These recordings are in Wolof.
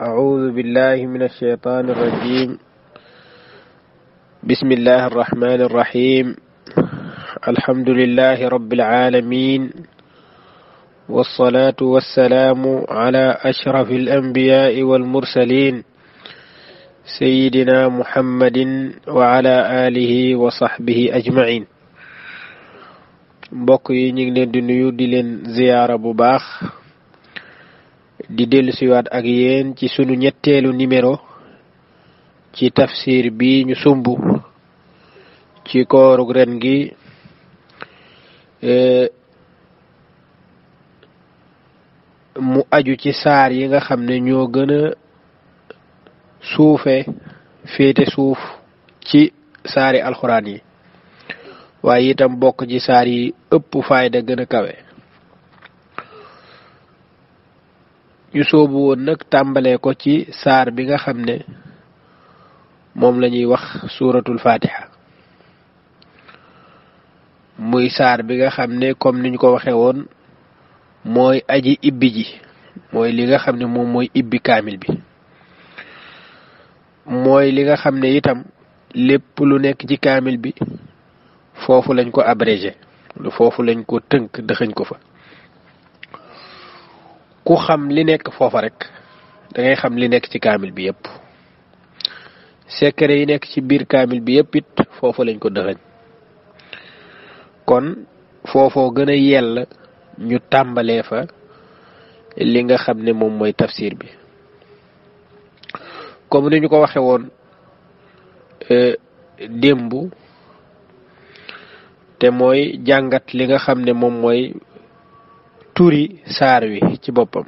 أعوذ بالله من الشيطان الرجيم بسم الله الرحمن الرحيم الحمد لله رب العالمين والصلاة والسلام على أشرف الأنبياء والمرسلين سيدنا محمد وعلى آله وصحبه أجمعين بقي yi ñu ngi leen di di dellusiwaat ak yéen ci sunu ñetteelu numéro ci tafsir bi ñu sumb ci koorug ren gi eh, mu aju ci saar yi nga xam ne ñoo gën a suufe féete suuf ci saari alxuraan yi waaye itam bokk ci saar yi ëpp fayda gën a kawe ñu soobu woon nag tàmbalee ko ci saar bi nga xam ne moom la ñuy wax suuratul fatiha muy saar bi nga xam ne comme ni ñu ko waxee woon mooy aji ibbi ji mooy li nga xam ne moom mooy ibbi kaamil bi mooy li nga xam ne itam lépp lu nekk ci kaamil bi foofu lañ ko abrégé foofu lañ ko tënk dëxëñ ko fa ku xam li nekk foofa rek dangay xam li nekk ci kaamil bi yëpp secret yi nekk ci biir kaamil bi yëpp it foofa lañ ko dëxëñ kon foofoo gën a yell ñu tàmbalee fa li nga xam ne moom mooy tafsir bi comme ni ñu ko waxe woon e, démb te mooy jàngat li nga xam ne moom mooy turi saar wi ci boppam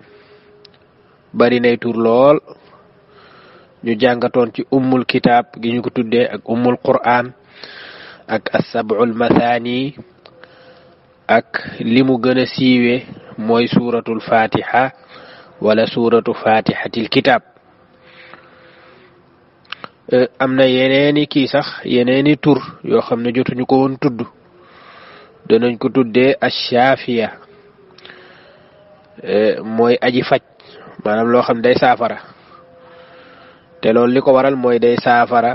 bari nay tur lool ñu jàngatoon ci ummul kitaab gi ñu ko tuddee ak ummul quraan ak asabul mathani ak limu mu gën a siiwe mooy suuratul fatiha wala suuratu fatihatil kitaab e, am na yeneeni kii sax yeneeni tur yoo xam ne jotuñu ko woon tudd danañ ko tuddee ashaafiya Eh, mooy aji faj maanaam loo xam day saafara te loolu li ko waral mooy day saafara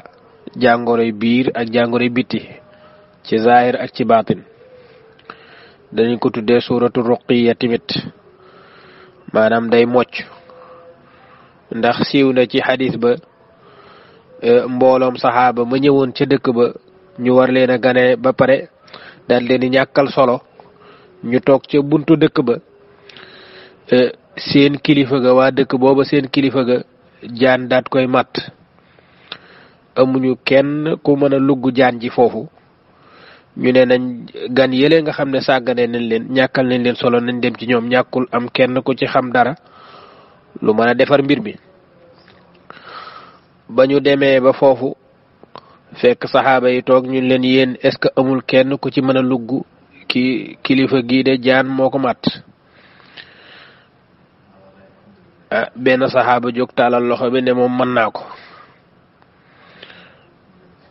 jàngoroy biir ak jàngoroy biti ci zaahir ak ci baatin dañu ko tuddee suuratu ruqiya tamit maanaam day mocc ndax siiw na ci xadis ba eh, mbooloom saxaaba ma ñëwoon ca dëkk ba ñu war leen a gane ba pare daal leen di ñàkkal solo ñu toog ca buntu dëkk ba Euh, seen kilifa ga waa dëkk booba seen kilifa ga jaan daat koy màtt amuñu kenn ku mën a lugg jaan ji foofu ñu ne nañ gan yële nga xam ne sàggane nañ leen ñàkkal nañ leen solo nañ dem ci ñoom ñàkkul am kenn ku ci xam dara lu mën a defar mbir mi ba ñu demee ba foofu fekk saxaaba yi toog ñu leen yéen est-ce amul kenn ku ci mën a lugg ki kilifa gii de jaan moo ko màtt Ah, benn saxaaba jog taalal loxo bi ne moom mën naa ko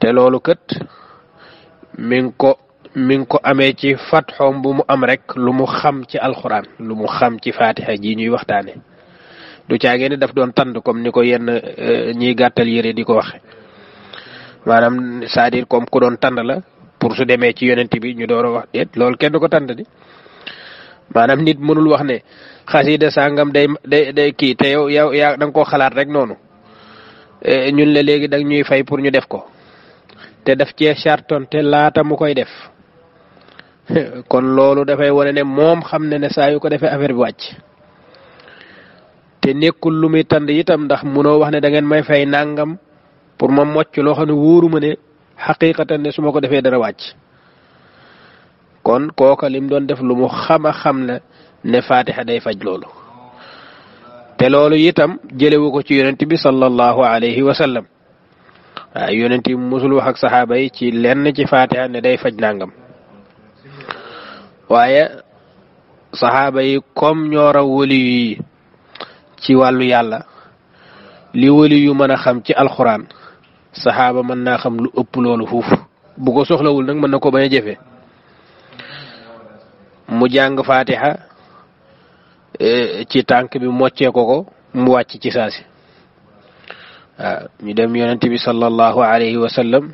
te loolu kët mi ko mi ko amee ci fatxoom bu mu am rek lu mu xam ci alxuraan lu mu xam ci faatiha ji ñuy waxtaane du caagee ni daf doon tànd comme ni ko yenn eh, ñiy gàttal yére di ko wax maanaam cest kom ku doon tànd la pour su demee ci yonent bi ñu door a wax déet loolu kenn du ko tànd di maanaam nit mënul wax ne xasida sàngam day day day kii te yow yow yaa koo xalaat rek noonu e, ñun la léegi da ñuy fay pour ñu def ko te def cee charton te laata mu koy def kon loolu dafay wane ne moom xam ne ne saa yu ko defee affaire bi wàcc te nekkul lu muy tànd itam ndax munoo wax ne da ngeen may fay nangam pour ma mocc loo xam ne wóoru ne xaqiqatan ne su ma ko defee dara wàcc kon kooka lim doon def lu mu xama xam ne ne fatiha day faj loolu te loolu itam jëlewu ko ci yonent bi sallallahu alayhi wa sallam waaw yonent bi musul wax ak saxaaba yi ci lenn ci fatiha ne day faj nangam waaye saxaaba yi comme ñoo raw wali yi ci wàllu yàlla li wali yu mën a xam ci alxuraan saxaaba mën naa xam lu ëpp loolu fuuf bu ko soxlawul nag mën na ko bañ a jëfee mu jàng fatiha e, ci tànk bi moccee ko ko mu wàcc ci saasi ñu dem yonent bi salallahu alayhi wa sallam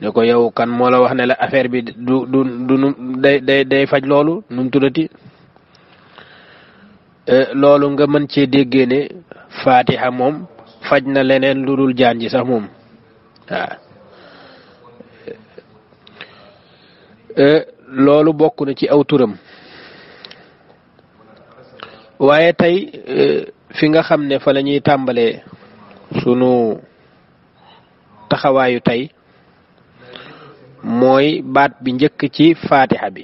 ne ko yow kan moo la wax ne la affaire bi du du du nu day day day faj loolu num tudati e, loolu nga mën cee déggee ne fatiha moom faj na leneen lu dul jaan ji sax moom waaw e, loolu bokk na ci aw turam waaye tey e, fi nga xam ne fa la ñuy tàmbalee sunu taxawaayu tey mooy baat bi njëkk ci faatixa bi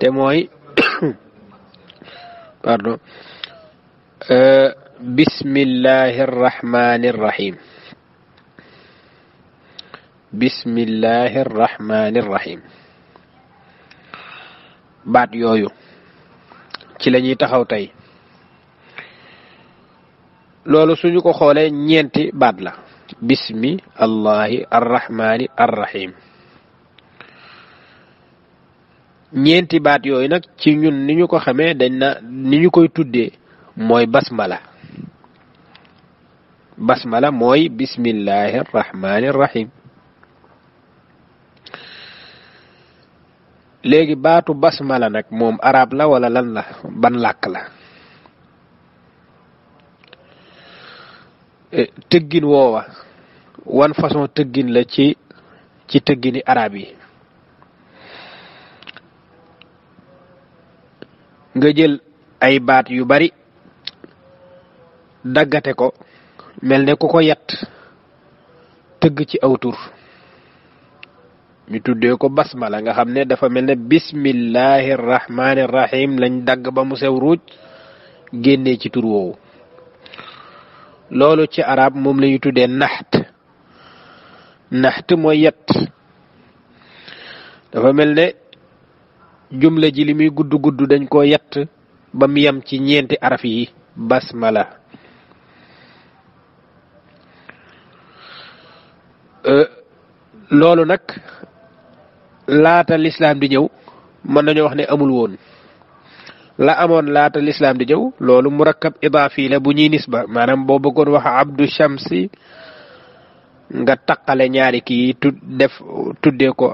te mooy pardon e, bismillahi bismillahi rahmaani rahim baat yooyu ci la ñuy taxaw tey loolu suñu ko xoolee ñeenti baat la bismi allahi arrahmaani arrahim ñeenti baat yooyu nag ci ñun ni ñu ko xamee dañ na ni ñu koy tuddee mooy basmala basmala mooy bismillahi arrahmaani arrahim léegi baatu basmala nag moom araab la wala lan la ban làkk la e, tëggin woowa wan façon tëggin la ci ci tëggini arab yi nga jël ay baat yu bari daggate ko mel ne ku ko yat tëgg ci aw mi tuddee ko basmala nga xam ne dafa mel ne bismillahi rrahmani rrahim lañ dagg ba mu sew ruuj génnee ci tur woowu loolu ci arab moom la ñu tuddee naxt naxt mooy yett dafa mel ne jumla ji li muy gudd gudd dañ koo yett ba mu yam ci ñeenti araf yi basmala euh, loolu nag laata l'islam di ñëw mën nañu wax ne amul woon la amoon laata l'islam di ñëw loolu murakkab idafi la bu ñuy nisba maanaam boo bëggoon wax abdu shamsi nga taqale ñaari kii tu def tuddee ko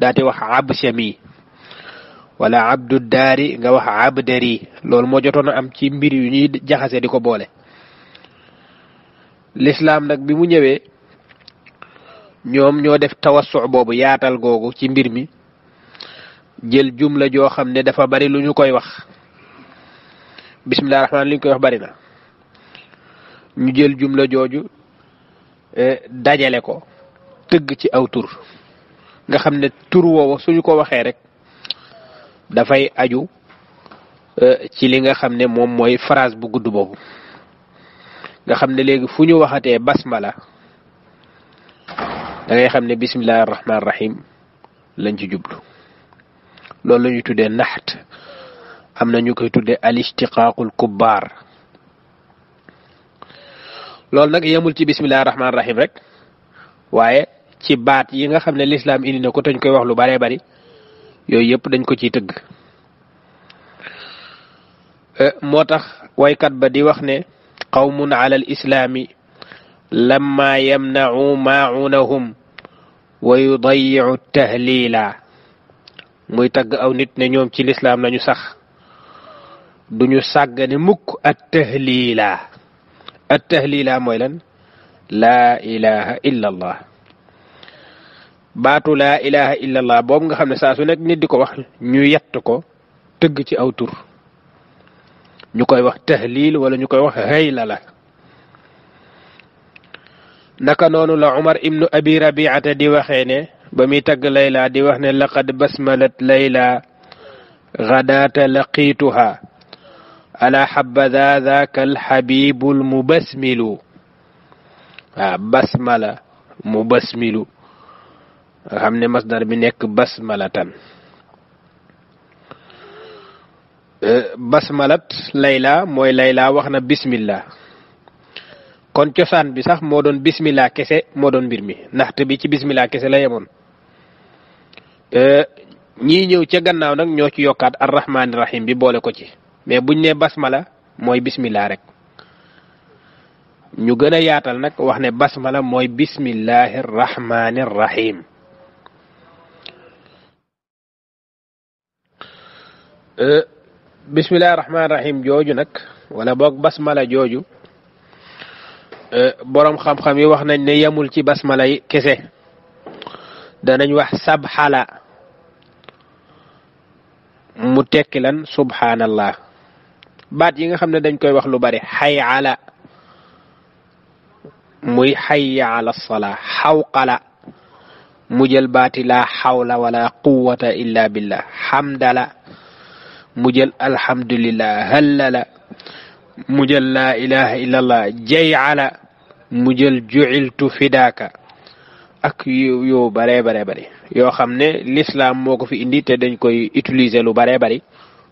daa di wax ab shami wala abdu daari nga wax abderi loolu moo jotoon am ci mbir yu ñuy jaxase di ko boole l'islam nag bi mu ñëwee ñoom ñoo def tawassu boobu yaatal googu ci mbir mi jël jumla joo xam ne dafa bari lu ñu koy wax bisimilah rahmaan li ñu koy wax bari na ñu jël jumla jooju e, dajale ko tëgg ci aw tur nga xam ne tur woowu suñu ko waxee rek dafay aju e, ci li nga xam ne moom mooy phrase bu gudd boobu nga xam ne léegi fu ñu waxatee basmala da xam ne bisimilah rahmaani rahim lañ ci jublu loolu la ñuy tuddee naxt am na ñu koy tuddee al istiqaaqul kubbaar loolu nag yemul ci bisimilah rahmaani rahim rek waaye ci baat yi nga xam ne lislaam indi na ko te ñu koy wax lu baree bari yooyu yëpp dañ ko ciy tëgg eh, moo tax waykat ba di wax ne qawmun ala al islaami lamma yamnau maunahum wa yudayiu tahlila muy tagg aw nit ne ñoom ci lislaam lañu sax du duñu sàggane mukk at tahlila at tahlila mooy lan laa ilaha illa allah baatu laa ilaha illa boobu nga xam ne saa su nekk nit di ko wax ñu yett ko tëgg ci aw tur ñu koy wax tahlil wala ñu koy wax hayla naka noonu la umar ibnu abi rabiata di waxee ne ba muy tagg layla di wax ne laqad basmalat layla gadaata laqiituha ala habada daaka alxabibu almubasmilu waaw basmala mubasmilu nga xam ne masdar bi nekk basmalatan basmalat layla mooy layla wax na bismillah kon cosaan bi sax moo doon bismillah kese moo doon mbir mi naxt bi ci bismillah kese la yemoon euh, ñii ñëw ca gannaaw nag ñoo ci yokkaat arrahmaani rahim bi boole ko ci mais buñ ne basmala mooy bismillah rek ñu gën a yaatal nag wax ne basmala mooy bismillahi rahmaani rahim euh, bismillahi jooju nag wala boog basmala jooju boroom xam-xam yi wax nañ ne yemul ci basmala yi kese danañ wax sabxala mu tekki lan subhanallah baat yi nga xam ne dañ koy wax lu bari xay ala muy xayya ala salaa xawqala mu jël baati laa xawla wala quwata illa billah xamdala mu jël alhamdulillah hallala mu jël la ilaha illallah jay ala mu jël juiltu fidaaka ak yu yu baree bari bëri yoo xam ne l'islam moo ko fi indi te dañ koy utiliser lu baree bari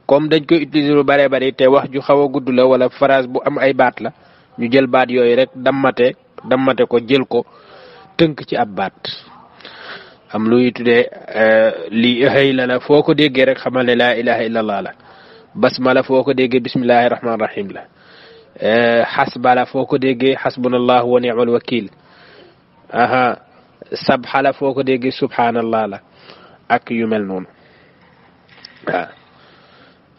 comme dañ koy utiliser lu baree bari te wax ju xaw a gudd la wala phrase bu am ay baat la ñu jël baat yooyu rek dammate dammate ko jël ko tënk ci ab baat am luy tuddee euh, lii xëy la la foo ko déggee rek xamal ne laa ilaha illallah la basmala foo ko déggee bismillahi rahmaani rahim la Eh, hasbala fo ko dege hasbunallah wa nicmal wakil aha sabhala fo ko dege subhanallah la ak yu mel noonu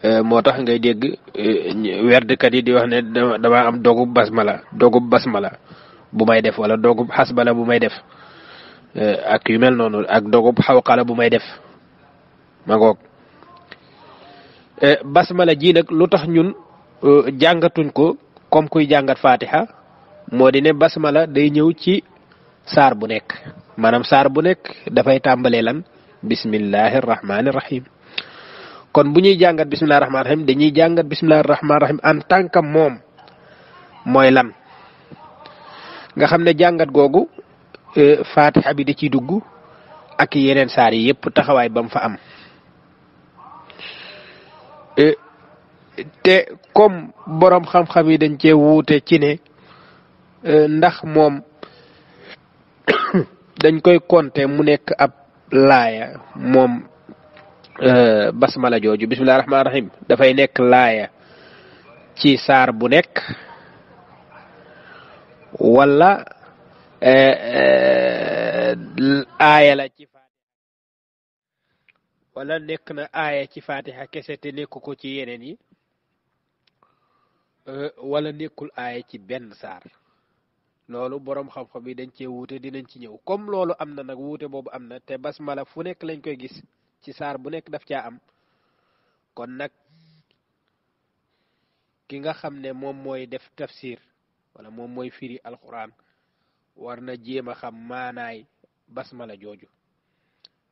eh, moo tax ngay dégg eh, werdkat yi di wax ne dama am dogub basmala dogub basmala bu may def wala dogub hasbala bu may def ak yu mel noonu ak dogub xawqala bu may def ma ngoog basmala ji nag lu tax ñun jàngatuñ ko comme kuy jàngat faatiha moo di ne basmala day ñëw ci saar bu nekk maanaam saar bu nekk dafay tàmbalee lan bismillahi rahmaani kon bu ñuy jàngat bismillahi rahmaani rahim dañuy jàngat bismillahi rahmaani rahim en tant que moom mooy lan nga xam ne jàngat googu e, faatiha bi da ciy dugg ak yeneen saar yi yëpp taxawaay ba mu fa am e, te comme borom xam-xam yi dañ cee wuute ci ne euh, ndax moom dañ koy compter mu nekk ab laaya moom euh, basmala jooju bisimilah rahmaani rahim dafay nekk laaya ci saar bu nekk wala euh, aaya la ci wala nekk na aaya ci fatiha kese te nekk ko ci yeneen yi Euh, wala nekkul aaya ci benn saar loolu boroom xam-xam yi dañ cee wuute dinañ ci ñëw comme loolu am na nag wuute boobu am na te basmala fu nekk lañ koy gis ci saar bu nekk daf caa am kon nag ki nga xam ne moom mooy def tafsir wala moom mooy firi alxuraan war na jéem a xam maanaay basmala jooju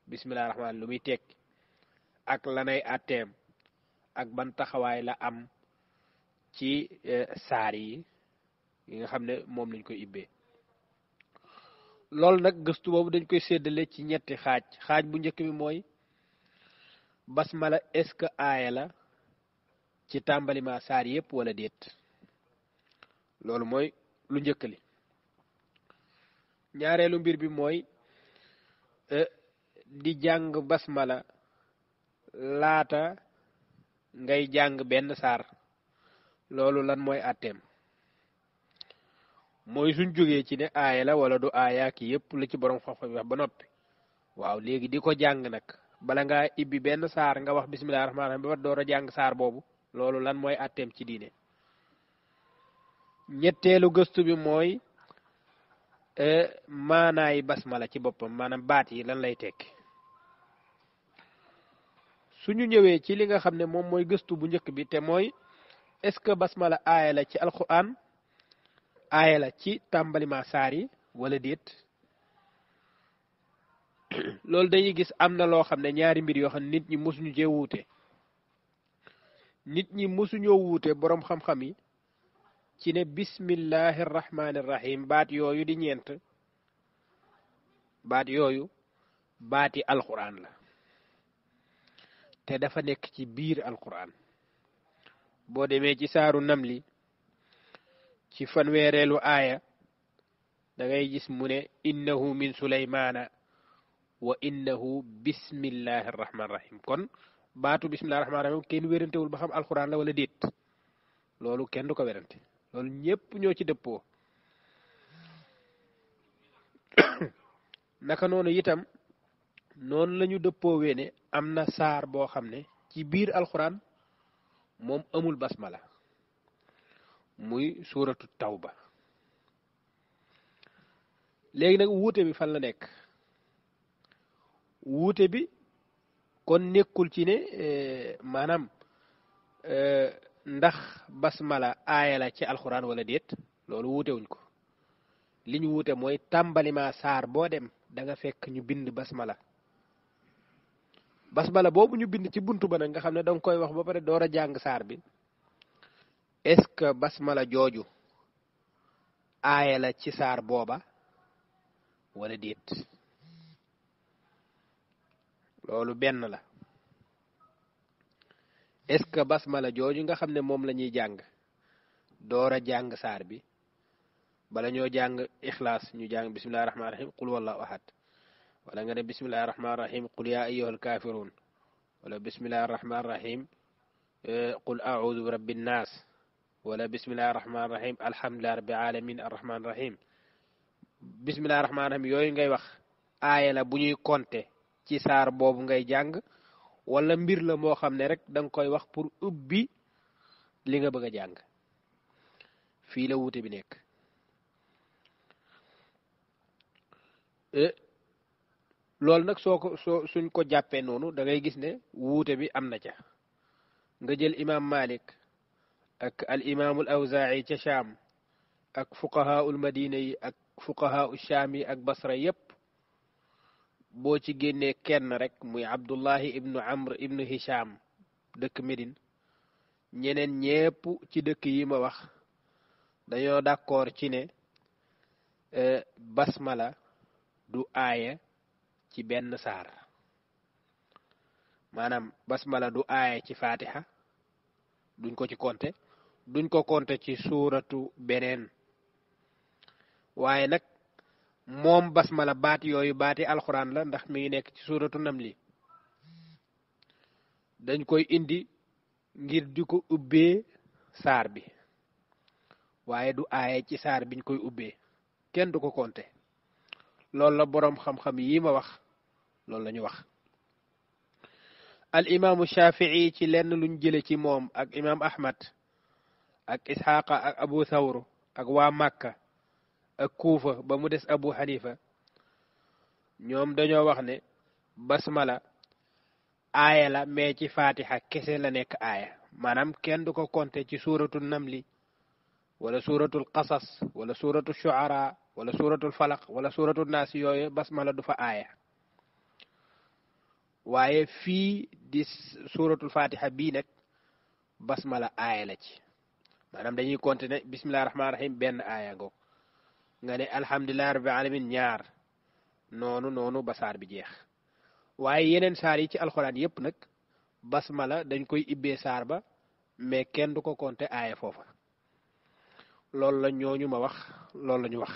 bisimilah rahmaan lu muy tekk ak lanay àtteem ak ban taxawaay la am ci eh, saar yi yi nga xam ne moom lañ koy ibbee loolu nag gëstu boobu dañ koy séddale ci ñetti xaaj xaaj bu njëkk bi mooy basmala est ce que aaya la ci tàmbalima saar yépp wala déet loolu mooy lu njëkk li ñaareelu mbir bi mooy eh, di jàng basmala laata ngay jàng benn saar loolu lan mooy àtteem mooy suñ jógee ci ne aaya la wala du aaya ki yépp la ci borom xam-xam yi ba noppi waaw léegi di ko jàng nag bala nga ibbi benn saar nga wax bisimilah rahmaani rahiim ba door a jàng saar boobu loolu lan mooy àtteem ci diine ñetteelu gëstu bi mooy e, maanaay basmala ci boppam maanaam baat yi lan lay tekki suñu ñëwee ci li nga xam ne moom mooy gëstu bu njëkk bi te mooy est ce que basmala aya la ci alquran aya la ci tambali ma sari wala dit lol dañuy gis amna na xamne ñaari mbir yo xamne nit ñi mosuñu cee nit ñi mosuñoo wuute borom xam-xam yi ci ne bismillahir rahmanir rahim baat yoyu di ñent baat yoyu baati alquran la te dafa nek ci biir alquran boo demee ci saaru namli ci fanweereelu aaya da ngay gis mu ne innahu min suleymaana wa innahu bismillahi arrahmani rahim kon baatu bismillahi rahmani kenn wérantewul ba xam alxuraan la wala déet loolu kenn du ko wérante loolu ñépp ñoo ci dëppoo naka noonu itam noonu lañu ñu dëppoo wee am na saar boo xam ne ci biir alxuraan moom amul basmala muy suuratu ba léegi nag wuute bi fan la nekk wuute bi kon nekkul ci ne e, maanaam e, ndax basmala aaya la ci alxuraan wala déet loolu wuute wuñ ko li ñu wuute mooy tàmbalima saar boo dem da nga fekk ñu bind basmala basmala boobu ñu bind ci buntu ba nag nga xam ne danga koy wax ba pare door a jàng saar bi est ce que basmala jooju aaya la ci saar booba wala déet loolu benn la est ce que basmala jooju nga xam ne moom la ñuy jàng door a jàng saar bi bala ñoo jàng ixlaas ñu jàng bisimilah rahim qul wallahu ahad ولا بسم الله الرحمن الرحيم قل يا أيها الكافرون ولا بسم الله الرحمن الرحيم قل أعوذ برب الناس ولا بسم الله الرحمن الرحيم الحمد لله رب العالمين الرحمن الرحيم بسم الله الرحمن الرحيم يوي غاي واخ آية لا بو نيي كونتي سي سار بوبو غاي ولا مبير لا مو خامني رك دا نكوي بور اوبي ليغا بغا جانغ في لا ووتي loolu nag soo ko soo suñ ko jàppee noonu dangay gis ne wuute bi am na ca nga jël imaam Malik ak al imaamul awzaa'i ca Shaam ak fuqahaul madina yi ak fuqahaul Shaam yi ak Basra yépp boo ci génnee kenn rek muy Abdullahi ibnu Amr ibnu Hisham dëkk Médine ñeneen ñépp ci dëkk yi ma wax dañoo d'accord ci ne eh, basmala du aaya ci benn saar maanaam basmala du aaye ci fatiha duñ ko ci konte duñ ko konte ci suratu beneen waaye nag moom basmala baat yooyu baati alquran la ndax mi ngi nekk ci suuratu namli dañ koy indi ngir di ko ubbee bi waaye du aaye ci saar biñ koy ubbee kenn du ko konte loolu la borom xam-xam yi ma wax loolu lañu wax al imam shafii ci lenn luñu jële ci mom ak imam ahmad ak ishaq ak abu thawr ak wa màkka ak kufa ba mu dess abu hanifa ñom dañoo wax ne basmala aya la mais ci fatiha kessé la nek aya manam kenn du ko konte ci suratul namli wala suuratul qasas wala suuratul shuara wala suuratul falaq wala suuratul naas yooyu basmala du fa aaya waaye fii di suuratul fatiha bii nag basmala aaya la ci manam dañuy continuer bismillahi rahmaani rahim benn aaya ngoog nga ne alhamdulilahi rabbil alamin ñaar noonu noonu ba saar bi jeex waaye yeneen saar yi ci alxuraan yëpp nag basmala dañ koy ibbee saar ba mais kenn du ko conté aaya foofa loolu la ñooñu wax loolu la ñu wax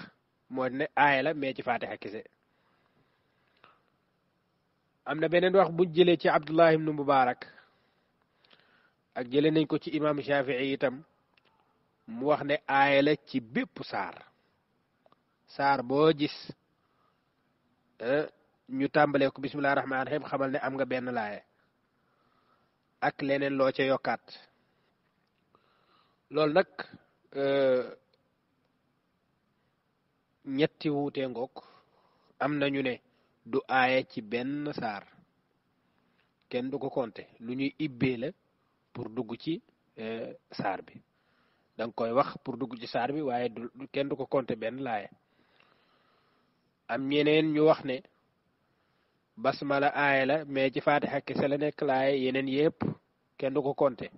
moo ne aaya la mais ci fatiha kese amna benen beneen wax buñ jëlee ci abdullah mubarak ak nañ ko ci imam shafii itam mu wax ne aaya la ci bépp saar saar boo gis eh, ñu tàmbalee ko bismillah rahmaan rahim xamal ne am nga benn laaye ak leneen loo ca yokkaat loolu nag eh, ñetti ne du aaya ci benn saar kenn du ko compter lu ñuy ibbee la pour dugg ci euh, saar bi danga koy wax pour dugg ci saar bi waaye du kenn du ko compter benn laaya am ñeneen ñu wax ne basmala aaya la mais ci faatixa kese la nekk laaya yeneen yépp kenn du ko compter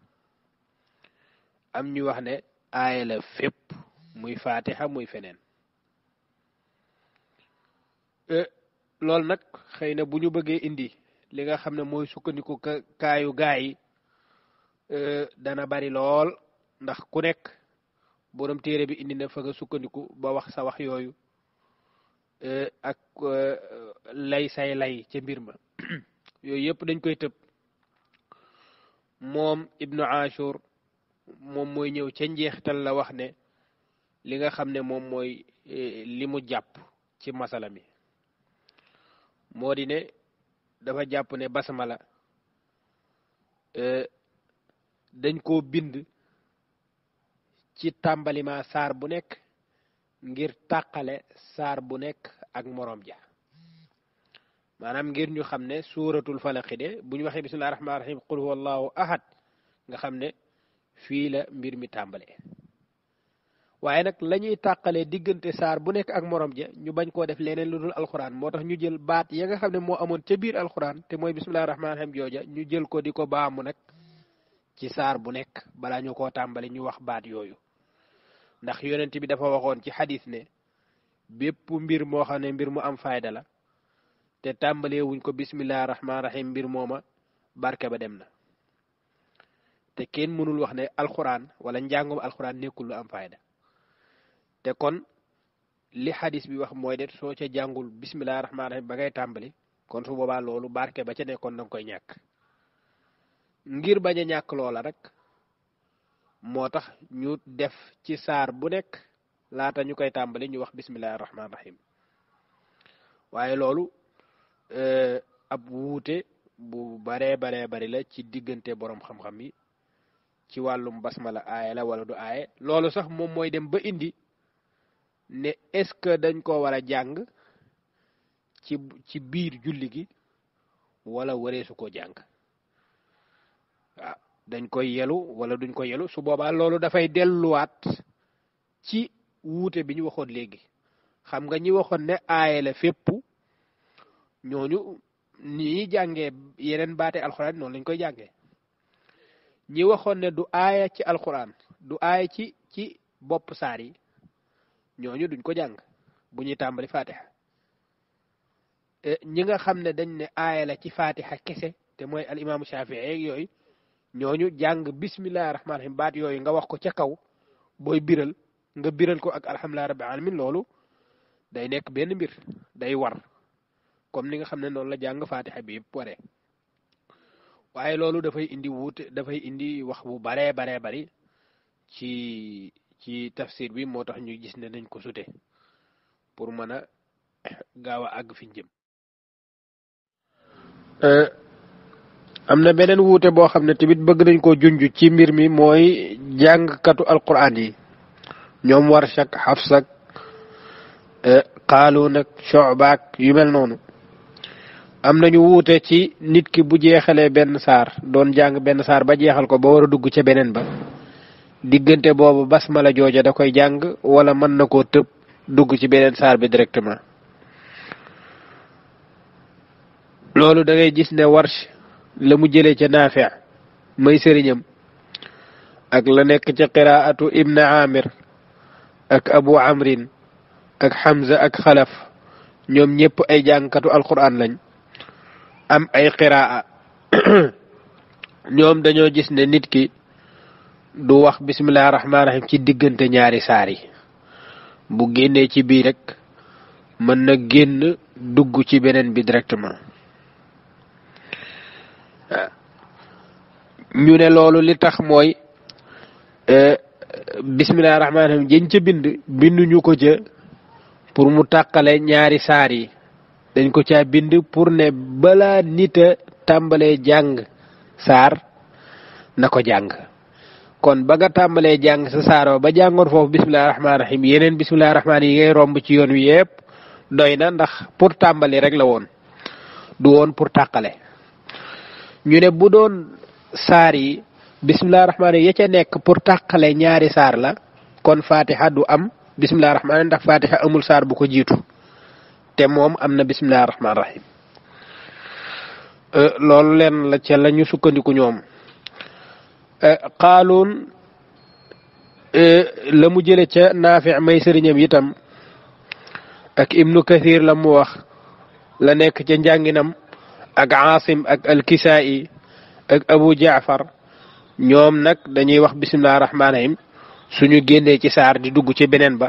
am ñu wax ne aaya la fépp muy faatixa muy feneen euh, lool nag xëy na bu ñu bëggee indi li nga xam ne mooy sukkandiku kaayu gaay euh, dana bari lool ndax ku nekk borom téere bi indi na fa nga sukkandiku ba wax sa wax yooyu euh, ak euh, lay say lay ca mbir ma yooyu yépp dañ koy tëb moom ibnu ashur mom mooy ñëw ca njeextal la wax ne li nga xam ne moom mooy li jàpp ci masala moo di ne dafa jàpp ne basmala e, dañ koo bind ci tàmbalima saar bu nekk ngir tàqale saar bu nekk ak moroom ja maanaam ngir ñu xam ne suuratul falaqi de bu ñu waxee bismillahi rahmaani rahim qul huwallahu ahad nga xam ne fii la mbir mi tàmbale waaye nag la ñuy tàqalee diggante saar bu nekk ak morom ja ñu bañ koo def leneen lu dul alquran moo tax ñu jël baat ya nga xam ne moo amoon ca biir alquran te mooy bisimilah rahmaani rahim jooja ñu jël ko di ko baamu nag ci saar bu nekk balaa ñu koo tàmbali ñu wax baat yooyu ndax yonent bi dafa waxoon ci xadis ne bépp mbir moo xam mbir mu am fayda la te tàmbalee wuñ ko bisimilah rahmaani rahim mbir mooma barke ba dem na te kenn mënul wax ne alquran wala njàngum alquran nekkul lu am fayda te kon li hadith bi wax soche janggul so ca jangul bisimilah rahmaan rahim ba ngay tambali kon su boba barke ba ca koy ñak ngir baña ñak lola rek motax ñu def ci sar bu nek lata ñukay tambali ñu wax bisimilah rahim euh eh, ab bu bare bare bare la ci digënté borom xam-xam yi ci walum basmala ayela wala du ayé loolu sax mom moy dem ba indi ne est-ce que dañ ko war a jàng ci ci biir julli gi wala wareesu ko jàng dañ koy yelu wala dañ ko yelu su boobaa loolu dafay delluwaat ci wuute bi ñu waxoon léegi xam nga ñi waxoon ne aaye la fépp ñooñu ni ñuy jàngee yeneen baate alxuraan noonu lañ koy jàngee ñi waxoon ne du aaya ci alxuraan du aaya ci ci bopp saar yi ñooñu duñ ko jàng bu ñuy tàmbali fatiha eh, ñi nga xam ne dañ ne aaya la ci fatiha kese te mooy al imaamu shafii yooyu ñooñu jàng bismillahi rahmaan rahim baat yooyu nga wax ko ca kaw booy biral nga biral ko ak alhamdulilah rabbil alamin loolu day nekk benn mbir day war comme ni nga xam ne noonu la jàng fatiha bi yëpp waree waaye loolu dafay indi wuute dafay indi wax bu baree baree bari ci ci tafsir bi moo tax ñu gis ne nañ ko sute pour mën a gaaw a àgg fi jëm euh, am na beneen wuute boo xam ne tamit bëgg nañ koo junj ci mbir mi mooy jàngkatu alquran yi ñoom warsh euh, ak xafs ak xaalu nag cobaak yu mel noonu am nañu wuute ci nit ki bu jeexalee benn saar doon jàng benn saar ba jeexal ko ba war a dugg ca beneen ba diggante boobu basmala jooja da koy jàng wala mën na koo tëb dugg ci beneen saar bi directement loolu dangay ngay gis ne warsh la mu jëlee ci naafi may sëriñam ak la nekk ca qiraatu ibn amir ak abu amrin ak hamza ak xalaf ñoom ñëpp ay jàngkatu alquran lañ am ay qiraa ñoom dañoo gis ne nit ki du wax bisimilah rahmaani rahim ci diggante ñaari saar yi bu génnee ci biir rek mën na génn dugg ci beneen bi directement ñu ne loolu li tax mooy e, bisimilah rahmaani rahim jën ca bind binduñu ko jë pour mu tàqale ñaari saar yi dañ ko caa bind pour ne balaa nit a tàmbalee jàng saar na ko jàng kon baga tàmbalee jàng sa saaro ba jàngoon foofu bisimilah rahmaani rahiim yeneen bisimilah rahmaan yi ngay romb ci yoon wi yëpp doy na ndax pour tàmbali rek la woon du woon pour tàqale ñu ne bu doon saar yi bisimilah rahmaani ya ca nekk pour tàqale ñaari saar la kon fatiha du am bisimilah rahmaani ndax fatiha amul saar bu ko jiitu te moom am na bisimilah rahmaani rahiim euh, loolu leen la ca la ñu sukkandiku ñoom. Eh, qaaluun eh, la mu jële ca naafi may sëriñam itam ak ibnu kathir la mu wax la nekk ca njànginam ak aasim ak alkisaa'i ak abu jaafar ñoom nag dañuy wax bisimilah rahmaani rahim suñu génnee ci saar di dugg ci beneen ba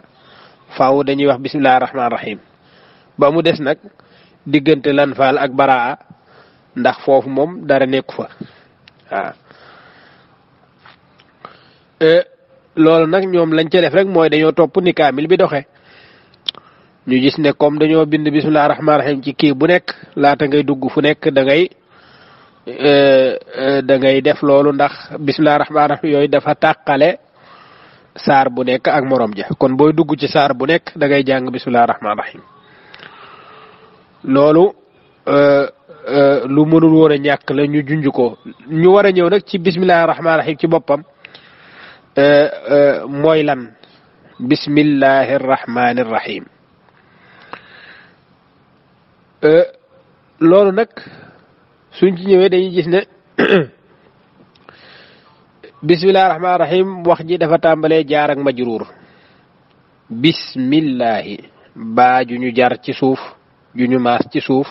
faw dañuy wax bisimilah rahmaani rahim ba mu des nag diggante lanfaal ak baraa ndax foofu moom dara nekku fa waaw Euh, lool nak ñoom lañ ci def rek moy dañoo top ni kamil bi doxé ñu gis ne comme dañoo bind bisimilah rahmaani rahim ci ki bu nekk laata ngay dugg fu nek da ngay euh, da ngay def loolu ndax rahim yoy dafa sar bu nek ak morom ja kon boy dugg ci sar bu nek da ngay jang bisimilah rahmaani rahim loolu euh, lu mënul woon ñak la ñu junjuko ñu wara ñew nak ci rahim ci bopam Euh, euh, mooy lan bismillahi rahmaani euh, loolu nag suñ ci ñëwee dañuy gis ne bismillahi rahmaani rahim wax ji dafa tàmbalee jaar ak majruur bismillahi baa ju ñu jar ci suuf ju maas ci suuf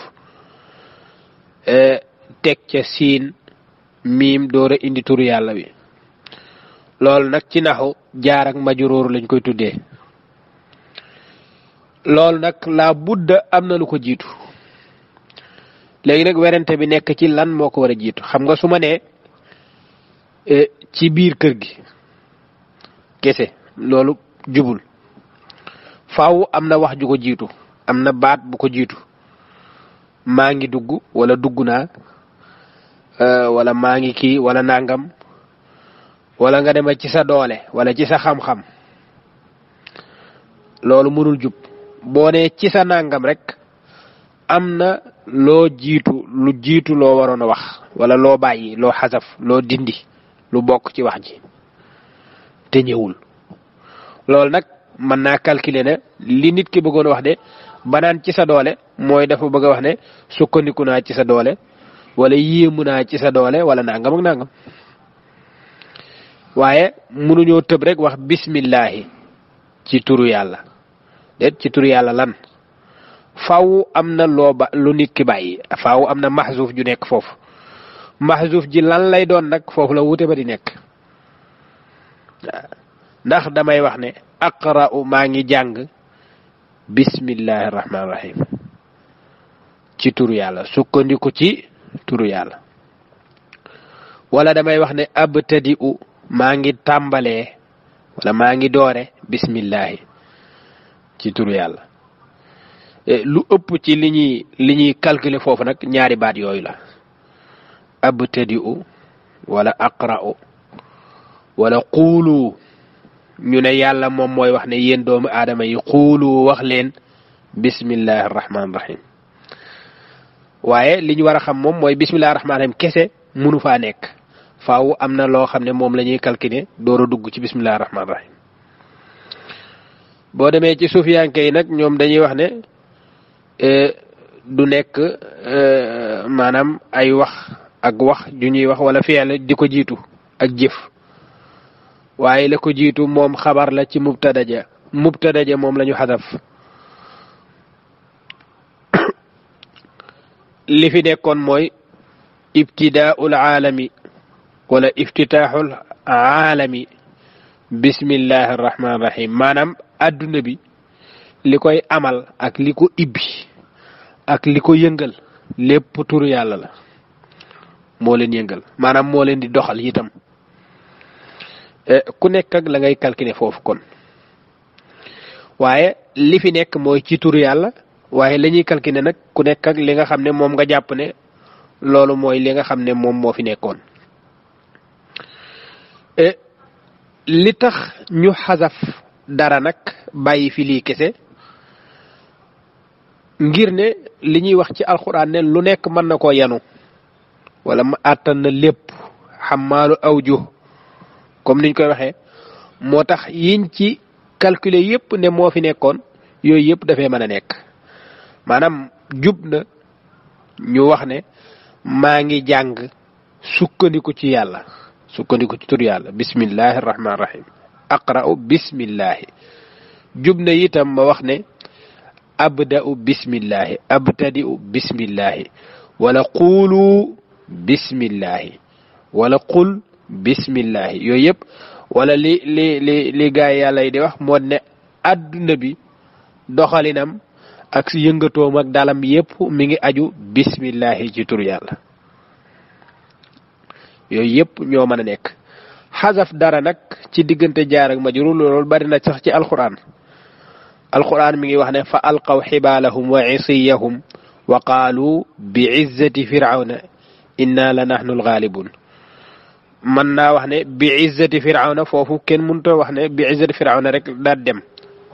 teg ca siin miim door a indi turu yàlla bi loolu nag ci naxu jaarak ak majuróor lañ koy tuddee loolu nag laa budda am na lu ko jiitu léegi nag werante bi nekk ci lan moo ko war a jiitu xam nga su ma nee e, ci biir kër gi kese loolu jubul faw am na wax ju ko jiitu am na baat bu ko jiitu maa ngi dugg wala dugg naa e, wala maa ngi kii wala nangam wala nga dema ci sa doole wala ci sa xam-xam loolu mënul jub boo nee ci sa nàngam rek am na loo jiitu lu jiitu loo waroon a wax wala loo bàyyi loo xasaf loo dindi lu bokk ci wax ji te ñëwul loolu nag mën naa calculer ne li nit ki bëggoon a wax de banaan ci sa doole mooy dafa bëgg a wax ne sukkandiku naa ci sa doole wala yéemu naa ci sa doole wala nangam ak nangam waaye mënuñoo tëb rekk wax bismillahi ci turu yàlla ci turu yàlla lan faaw am na loo ba lu nit bàyyi faaw am na maxsuuf ju nekk foofu maxsuuf ji lan lay doon nag foofu la wuute ba di nekk ndax damay wax ne aqra'u maa ngi jàng bismillahi rahmaani rahim ci turu yàlla sukkandiku ci turu yàlla wala damay wax ne abtadi'u maa ngi tàmbalee wala maa ngi doore bismillahi ci turu yàlla e, lu ëpp ci li ñuy li ñuy calculer foofu nag ñaari baat yooyu la abtadi'u wala aqra'u wala xuulu ñu ne yàlla moom mooy wax ne yéen doomu aadama yi quulu wax leen bismillahi rahmaani rahim waaye li ñu war a xam moom mooy bismillahi rahmaani rahim kese munu faa nekk faaw am na loo xam ne moom la ñuy calculer door dugg ci bisimilah rahmaani rahim boo demee ci suufiyanke yi nag ñoom dañuy wax ne e, du nekk e, maanaam ay wax ak wax ju ñuy wax wala fi'l di ko jiitu ak jëf waaye la ko jiitu moom xabaar la ci mubtada ja mubtada ja moom la ñu xadaf li fi nekkoon mooy ibtidaa'ul aalami wala iftitaaxul aalami bismillahi rahmaani rahim maanaam adduna bi li koy amal ak li ko ibbi ak li ko yëngal lépp turu yàlla la moo leen yëngal maanaam moo leen di doxal itam eh, ku nekk ak la ngay calculer foofu kon waaye li fi nekk mooy ci turu yàlla waaye la ñuy calculer nag ku nekk ak li nga xam ne moom nga jàpp ne loolu mooy li nga xam ne moom moo fi nekkoon Euh, li tax ñu xasaf dara nag bàyyi fi lii kese ngir ne li ñuy wax ci alxuraan ne lu nekk mën na koo yenu wala mu àttan na lépp xamaalu aw ju comme niñ koy waxee moo tax yiñ ci calculer yépp ne moo fi nekkoon yooyu yépp dafee mën a nekk maanaam jub na ñu wax ne maa ngi jàng sukkandiku ci yàlla sukkandiku ci tur yàlla bismillahi rahmaani rahim bismillahi jub na itam ma wax ne abda'u bismillahi abtadi'u bismillahi wala quulu qul bismillahi yooyu yëpp wala li li li gaay yàlla yi di wax moo ne bi doxalinam ak yëngatoom ak dalam yëpp mi ngi aju bismillahi ci tur yàlla yooyu yëpp ñoo mën a nekk xasaf dara nag ci diggante jaar ak majrur loolu bari na sax ci alquran alquran mi ngi wax ne fa alqaw xibaalahum wa isiyahum wa qaalu bi izzati firawna inna la nahnu alxaalibun mën naa wax ne bi izzati firawna foofu kenn mënuta wax ne bi izzati firawna rek daat dem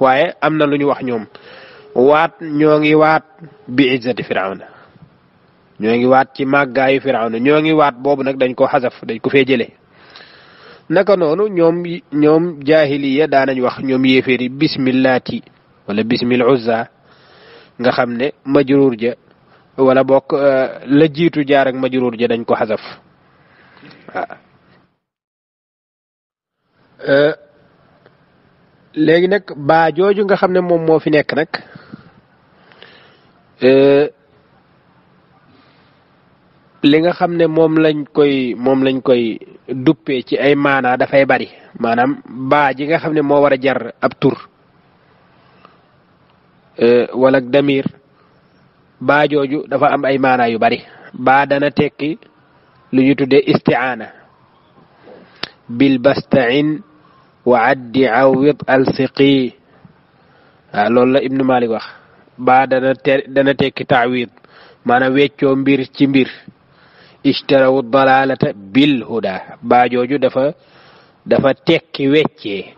waaye am na lu ñu wax ñoom waat ñoo ngi waat bi izzati firawna ñoo ngi waat ci màggaayu firawna ñoo ngi waat boobu nag dañ ko xasaf dañ ko fee jëlee naka noonu ñoom ñoom jaahiliya daanañ wax ñoom yéeféer yi bismillaati wala bismil uzza xam ne majruur ja wala bokk euh, la jiitu jaar ak majruur ja dañ ko xasaf waaw euh, léegi nag baa jooju nga xam ne moom moo fi nekk nag euh, li nga xam ne moom lañ koy moom lañ koy duppee ci ay maanaa dafay bari maanaam baa ji nga xam ne moo war a jar ab tur euh, wala damir baa jooju dafa am ay maanaa yu bari baa dana tekki lu ñu tuddee istiaana bil bastain wa addi awwid alsiqi waaw loolu la ibnu malik wax baa dana te dana tekki taawid maanaam weccoo mbir ci mbir ishtarawu dalalata bil huda baa jooju dafa dafa tekki weccee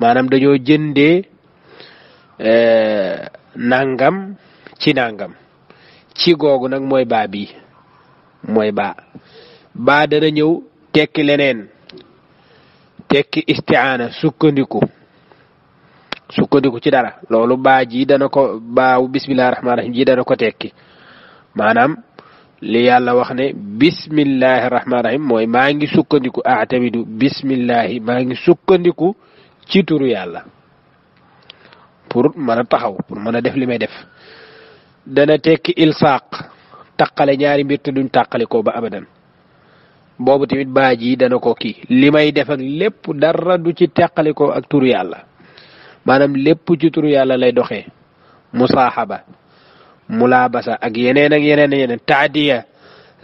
maanaam dañoo jënde eh, nangam ci nangam ci googu nag mooy ba bi mooy ba baa dana ñëw tekki leneen tekki istiaana sukkandiku sukkandiku ci dara loolu baa ji dana ko baawu bismillahi rahmaani rahim ji dana ko tekki maanaam li yàlla wax ne bismillahi rahmaani rahim mooy maa ngi sukkandiku atamidu bismillahi maa ngi sukkandiku ci turu yàlla pour mën a taxaw pour mën a def li may def dana tekki ilsaaq taqale ñaari mbir te duñ tàqale ko ba abadan boobu tamit baaj yi dana ko kii li may def ak lépp dara du ci tàqale ko ak turu yàlla maanaam lépp ci turu yàlla lay doxee musaaxaba mulaabasa ak yeneen yeneen yeneen taadiya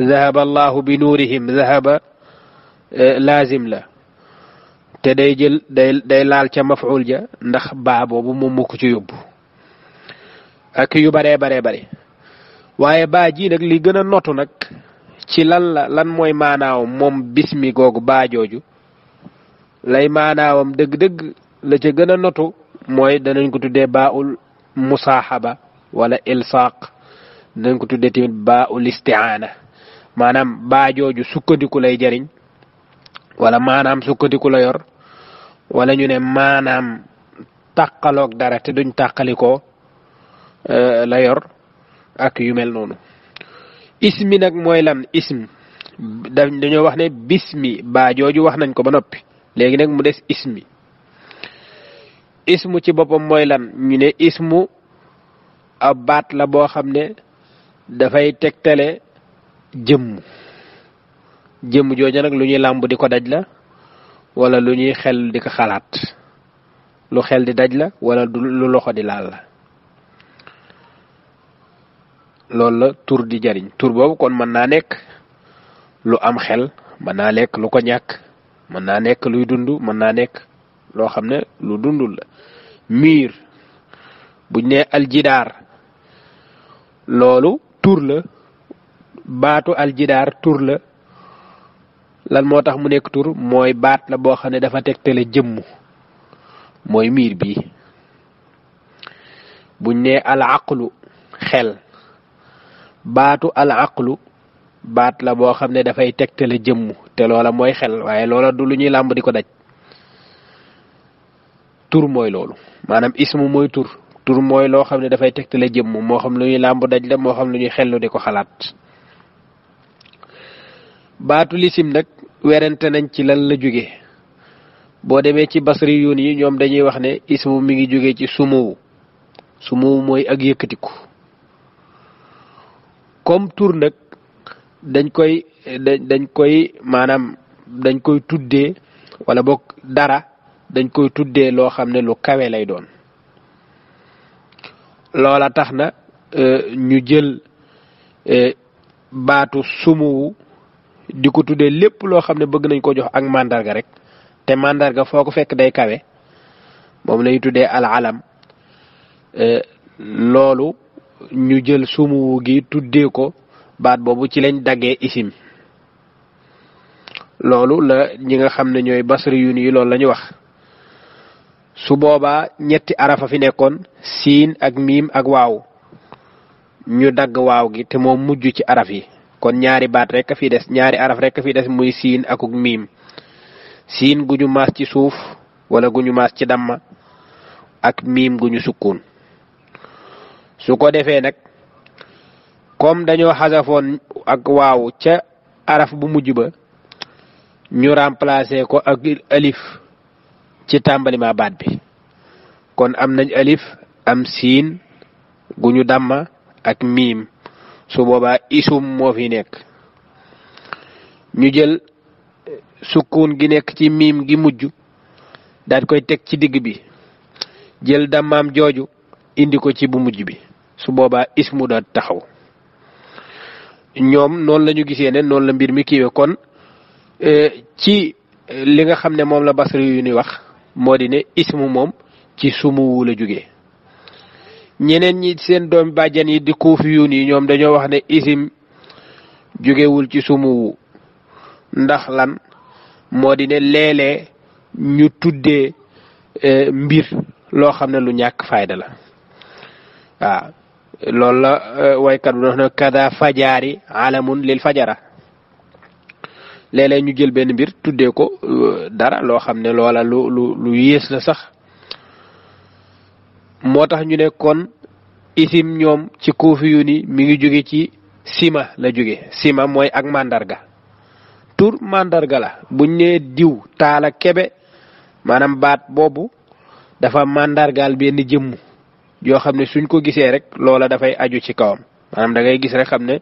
zahaba allahu bi nuurihim zahaba laazim la te day jël day day laal ca mafuul ja ndax baa boobu moom ci yóbbu ak yu baree baree bare waaye baa jii nag li gën a notu nag ci lan la lan mooy maanaawam moom bismi googu baa jooju lay maanaawam dëgg-dëgg la ca gën a notu mooy danañ ko tuddee baa ul musaaxaba wala ilsaq nañ ko tuddee tamit baa ul istiaana maanaam baa jooju sukkandiku lay jariñ wala maanaam sukkandiku la yor wala ñu ne maanaam tàqaloog dara te duñ tàqalikoo euh, la yor ak yu mel noonu ismi nag mooy lan ism dañoo wax ne bismi baa jooju wax nañ ko ba noppi léegi nag mu des ismi ismu ci boppam mooy ñu ne ismu ab baat la boo xam ne dafay tegtale jëmm jëmm jooja nag lu ñuy làmb di ko daj la wala lu ñuy xel di ko xalaat lu xel di daj la wala lu loxo di laal la loolu la tur di jariñ tur boobu kon mën naa nekk lu am xel mën naa nekk lu ko ñàkk mën naa nekk luy dund mën naa nekk loo xam lu dundul la miir buñ ne aljidaar loolu tur la baatu aljidaar tur la lan moo tax mu nekk tur mooy baat la boo xam ne dafa tegtale jëmmu mooy miir bi buñ nee al aqlu xel baatu al aqlu baat la boo xam ne dafay tegtale jëmmu te loola mooy xel waaye loola du lu ñuy làmb di ko daj tur mooy loolu maanaam ismu mooy tur tur mooy loo xam ne dafay la jëmm moo xam lu ñuy làmb daj la moo xam lu ñuy xellu di ko xalaat baatu lisim nag werante nañ ci lan la jóge boo demee ci basri yoon yi ñoom dañuy wax ne ismu mu ngi jóge ci sumuwu sumuwu mooy ak yëkkatiku comme tur nag dañ koy dañ koy maanaam dañ koy tuddee wala bokk dara dañ koy tuddee loo xam ne lu kawe lay doon loola tax na e, ñu jël e, baatu sumuwu di ko tuddee lépp loo xam ne bëgg nañ ko jox ak màndarga rek te màndarga foo ko fekk day kawe moom lay tuddee al alam e, loolu ñu jël sumuwu gi tuddee ko baat boobu ci lañ daggee isim loolu la ñi nga xam ne ñooy basri yu yi loolu la wax su boobaa ñetti arafa fi nekkoon siin ak miim ak waaw ñu dagg waaw gi te moo mujj ci araf yi kon ñaari baat rek a fi des ñaari araf rekk a fi des muy siin akuk miim siin gu ñu maas ci suuf wala gu ñu maas ci damma ak miim gu ñu sukkuun su ko defee nag kom dañoo xasafoon ak waaw ca araf bu mujj ba ñu remplacer ko ak alif ci ma ma bi kon am nañ alif am sin guñu damma ak mim, su boba isum mo fi nek ñu jël eh, sukun gi nek ci mim gi mujju daat koy tek ci digg bi jël damam jooju indi ko ci bu mujju bi su boba ismu dat taxaw ñom non lañu ñu gisee ne noonu la mbir mi kiwe kon eh, ci eh, li nga xam mom la basri yu ni wax moo di ne ismu moom ci sumuwu la jóge ñeneen ñi seen doom bàjjan yi di kuufiyuun yi ñoom dañoo wax ne isim jógewul ci sumuwu ndax lan moo di ne léeg ñu tuddee eh, mbir loo xam ne lu ñàkk fayda la waaw loolu la eh, waykat bu doon wax ne kada fajaari alamun lil fajara léeg ñu jël benn mbir tuddee ko euh, dara loo xam ne loola lu lu lu yées la sax moo tax ñu ne kon isim ñoom ci koofi yu ni mi ngi jóge ci sima la jóge sima mooy ak màndarga tur màndarga la buñ nee diw taala kebe maanaam baat boobu dafa màndargaal benn jëmm yoo xam ne suñ ko gisee rek loola dafay aju ci kawam maanaam da ngay gis rek xam ne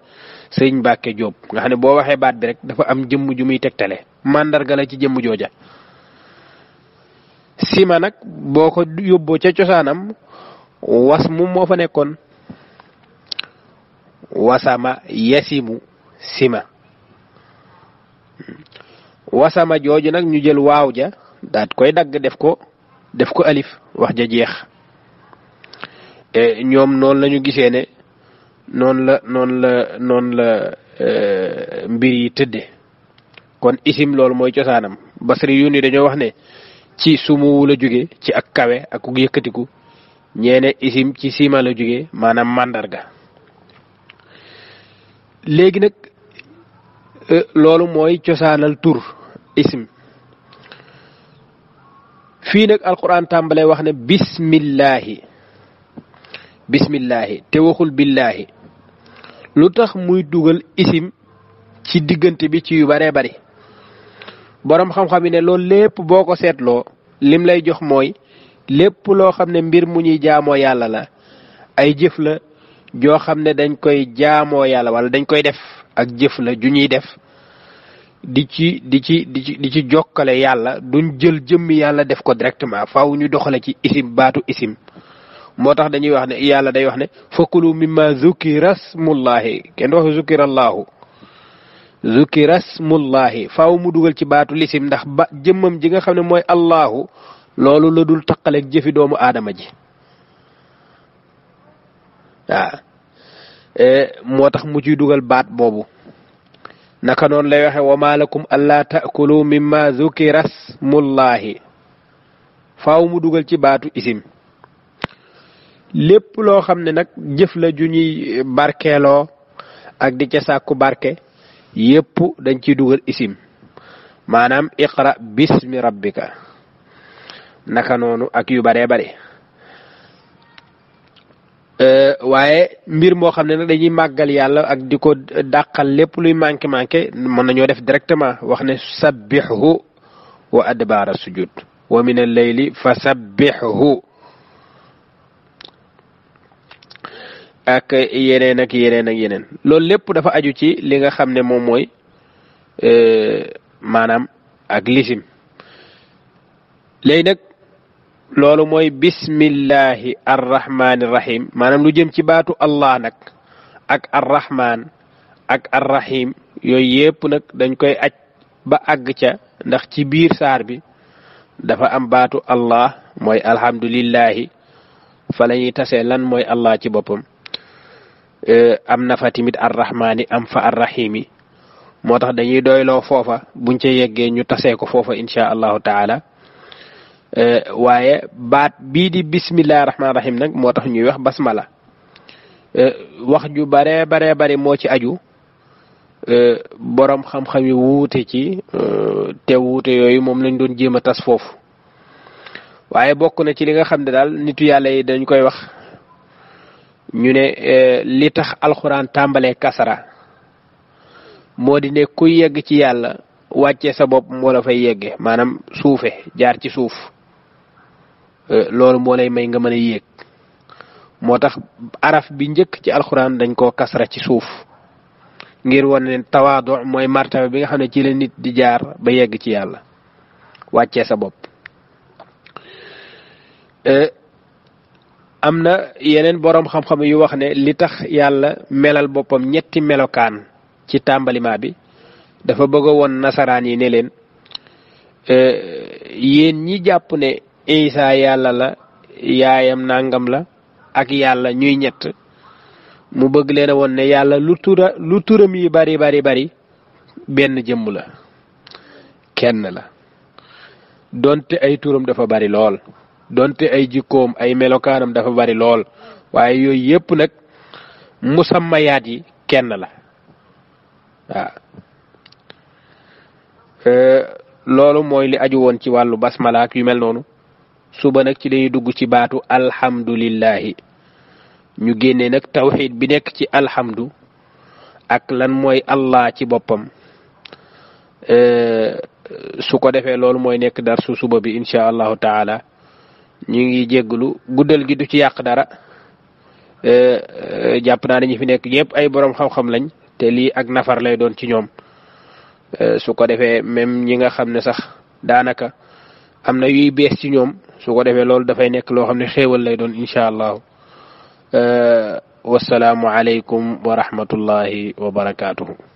sëñ Mbacke Diop nga xam ne boo waxee baat bi rek dafa am jëmm ju muy tegtale mandarga la ci jëmm jooja. sima nag boo ko yóbboo ca cosaanam was mu moo fa nekkoon wasama yasimu sima wasama jooju nag ñu jël waaw ja daat koy dagg def ko def ko alif wax ja jeex e, ñoom noonu lañu gisee ne noonu la noonu la noonu la euh, mbir yi tëdde kon isim loolu mooy cosaanam basri yu ni dañoo wax ne ci sumuwu la jóge ci ak kawe ak ku yëkkatiku ñeene isim ci siima la jóge maanaam màndarga léegi nag euh, loolu mooy cosaanal tur isim fii nag alquran tàmbalee wax ne bismillahi bismillahi te waxul billahi lu tax muy dugal isim ci diggante bi ci yu baree bari boroom xam-xam yi ne loolu lépp boo ko seetloo lim lay jox mooy lépp loo xam ne mbir mu ñuy jaamoo yàlla la ay jëf la joo xam ne dañ koy jaamoo yàlla wala dañ koy def ak jëf la ju ñuy def di ci di ci di ci ci jokkale yàlla duñ jël jëmmi yàlla def ko directement faw ñu doxale ci isim baatu isim moo tax dañuy wax ne yàlla day wax ne fakulu mimma zukira smullahi kenn waxu zukira allahu zukira smullahi faaw mu dugal ci baatu lisim ndax ba jëmmam ji nga xam ne mooy allahu loolu la dul taqaleeg jëfi doomu aadama ji e, moo tax mu ciy dugal baat boobu naka noonu lay waxe wa maa lakum allaa taakulu mimma zukira smullahi faaw mu dugal ci baatu isim lépp loo xam ne nag jëf la ju ñuy barkeeloo ak di ca sàkku barke yépp dañ ciy dugal isim maanaam iqra bismi rabbika naka noonu ak yu baree bare euh, waaye mbir moo xam ne nag dañuy màggal yàlla ak di ko dàqal lépp luy manqué manqué mën nañoo def directement wax ne sabbixhu wa adbaara sujud wa min al layli fa sabbixhu ak yeneen ak yeneen ak yeneen loolu lépp dafa aju ci li nga xam ne moom mooy euh, maanaam ak lisim léegi nag loolu mooy bismillahi arrahmani rahim maanaam lu jëm ci baatu allah nag ak arrahman ak arrahim yooyu yépp nag dañ koy aj ba àgg ca ndax ci biir saar bi dafa am baatu allah mooy alhamdulillahi fa la ñuy tasee lan mooy allah ci boppam Euh, am na fa tamit arrahmaani am fa arrahimi moo tax dañuy doyloo foofa buñ ca yeggee ñu tasee ko foofa incha allahu taala euh, waaye baat bii di bismillahi rahmaani rahim nag moo tax ñuy wax basmala euh, wax ju baree baree bari moo ci aju boroom xam-xam yi wuute ci te wuute yooyu moom lañ doon jéem a tas foofu waaye bokk na ci li nga xam ne daal nitu yàlla yi dañ koy wax ñu ne eh, li tax alxuraan tàmbalee kasara moo di ne kuy yegg ci yàlla wàcce sa bopp moo la fay yegge maanaam suufe jaar ci suuf eh, loolu moo lay may nga mën a yéeg moo tax araf bi njëkk ci alxuraan dañ koo kasara ci suuf ngir wane ne tawaado mooy marta bi nga xam ne ci leen nit di jaar ba yegg ci yàlla wàcce sa bopp eh, am na yeneen boroom xam-xam yu wax ne li tax yàlla melal boppam ñetti melokaan ci tàmbalima bi dafa bëgg woon nasaraan yi ne leen e, yéen ñi jàpp ne Isaa yàlla la yaayam nàngam la ak yàlla ñuy ñett mu bëgg leen a woon ne yàlla lu tura turam yi bari bari bari benn jëmm la kenn la donte ay turam dafa bari lool donte ay jikkoom ay melokaanam dafa bari lool waaye yooyu yëpp nag musammayaat yi kenn la waaw loolu mooy li aju woon ci wàllu bas ak yu mel noonu suba nag ci lañuy dugg ci baatu alhamdulillahi ñu génne nag tawxiid bi nekk ci alhamdu ak lan mooy allah ci boppam su ko defee loolu mooy nekk darsu suba bi incha allahu taala ñu ngi jégglu guddal gi du ci yàq dara eh, eh, jàpp naa ne ñi fi nekk yëpp ay borom xam-xam lañ te lii ak nafar lay doon ci ñoom eh, su ko defee même ñi nga xam ne sax daanaka am na yuy bees ci ñoom su ko defee loolu dafay nekk loo xam ne xéewal lay doon incha allahu wasalaamu aleykum wa rahmatullahi wa